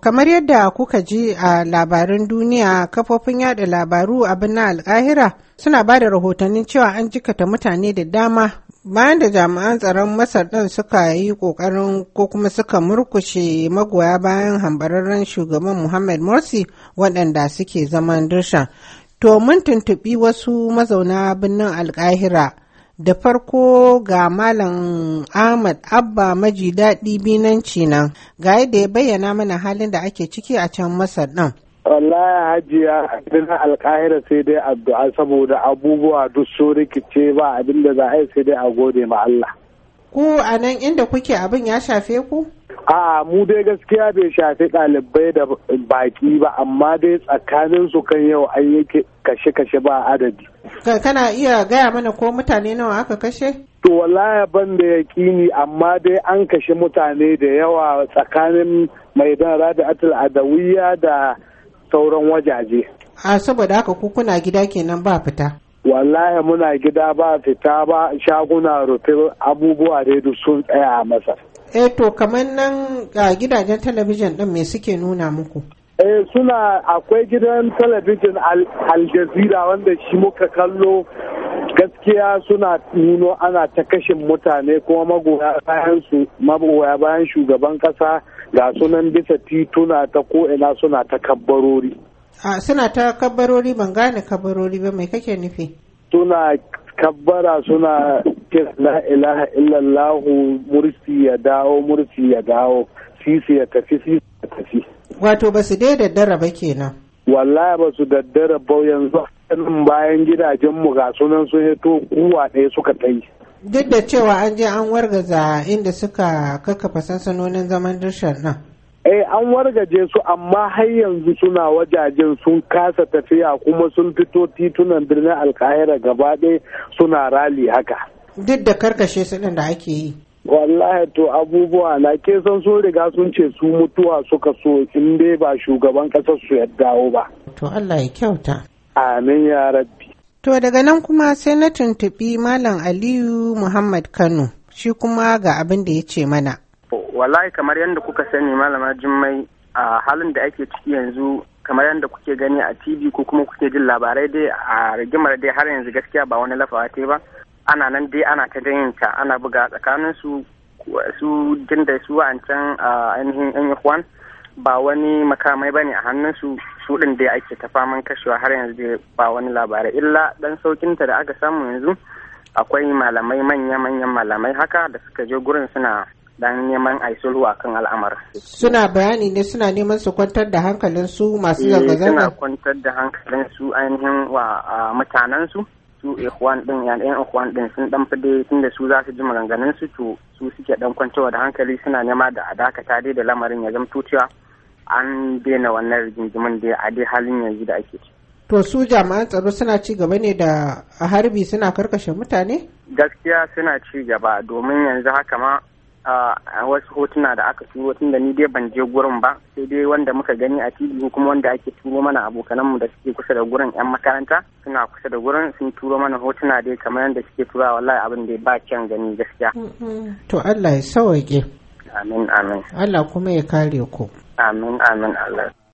Kamar yadda kuka ji a labarin duniya kafofin yada labaru abin na alkahira suna ba da rahotannin cewa an jikata mutane da dama bayan da jami'an tsaron masar ɗin suka yi ƙoƙarin ko kuma suka murkushe magoya bayan hambararren shugaban muhammad morsi waɗanda suke zaman dirshan to mun tuntuɓi wasu mazauna birnin alkahira da farko ga malam ahmad abba maji daɗi binanci nan ga yadda ya bayyana mana halin da ake ciki a can masar ɗin wallahi hajiya na alkahira sai dai addu'a saboda abubuwa duk su rikice ba abin da za a yi sai dai a gode ma Allah. ku a nan inda kuke abin ya shafe ku? a mu dai gaskiya bai shafi ɗalibai da baki ba amma dai tsakanin su kan yau an yi kashe-kashe ba adadi kana iya gaya mana ko mutane nawa aka kashe to wallahi ban da yaƙini amma dai an kashe mutane da yawa tsakanin mai dan atul adawiya da sauran wajaje a saboda haka kuna gida kenan ba fita wallahi muna gida ba fita ba shaguna rufe abubuwa dai duk sun tsaya a masa. eh to kamar nan ga gidajen talabijin din me suke nuna muku eh suna akwai gidan talabijin aljazira wanda shi muka kallo gaskiya suna nuno ana ta kashin mutane kuma magoya bayan magoya bayan shugaban kasa ga sunan bisa tituna ta ko ina suna ta kabbarori a suna ta kabbarori ban gane kabbarori ba mai kake nufi suna kabbara suna kira la ilaha illallahu mursi ya dawo mursi ya dawo sisi ya tafi sisi ya tafi wato ba su dai daddara ba kenan wallahi ba su daddara ba yanzu bayan gidajenmu ga sunan sun hito kuwa ɗaya suka ta duk da cewa an je an wargaza inda suka kakkafa sansanonin zaman dirshan nan eh an wargaje su amma har yanzu suna wajajen sun kasa tafiya kuma sun fito titunan birnin alkahira gaba suna rali haka duk da karkashe su da ake yi wallahi to abubuwa na ke san sun riga sun ce su mutuwa suka so in dai ba shugaban ƙasar su ya dawo ba to Allah ya kyauta amin ya rabbi to daga nan kuma sai na tuntubi malam Aliyu Muhammad Kano shi kuma ga abin da ya ce mana wallahi kamar yadda kuka sani malama jummai a halin da ake ciki yanzu kamar yadda kuke gani a tv ko kuma kuke jin labarai dai a rigimar dai har yanzu gaskiya ba wani lafawa ba ana nan dai ana ta ta ana buga tsakanin su su jinda su can ainihin yan yahuwan ba wani makamai ba ne a hannun su su din dai ake ta faman kashewa har yanzu dai ba wani labarai illa dan saukinta da aka samu yanzu akwai malamai manya-manyan malamai haka da suka je gurin suna dan neman a yi sulhu kan al'amar. Suna bayani ne suna neman su kwantar da hankalin su masu eh, zanga-zanga. Suna kwantar da hankalin su ainihin wa mutanen su su ikhwan din yan ɗan ikhwan din sun dan fide da su za su ji maganganun su to su suke dan kwantarwa da hankali suna nema da a dakata dai da lamarin ya zama cewa an daina wannan rigingimin da a dai halin yanzu da ake ciki. To su jami'an tsaro suna ci gaba ne da harbi suna karkashe mutane? Gaskiya suna ci gaba domin yanzu haka ma a wasu hotuna da aka turo tun da ni dai ban je gurin ba sai dai wanda muka gani a tv ko kuma wanda ake turo mana mu da suke kusa da gurin yan makaranta suna kusa da gurin sun turo mana hotuna dai kamar yadda suke turawa wallahi abin da ba kyan gani gaskiya to Allah ya sauke amin amin Allah kuma ya kare ku amin amin Allah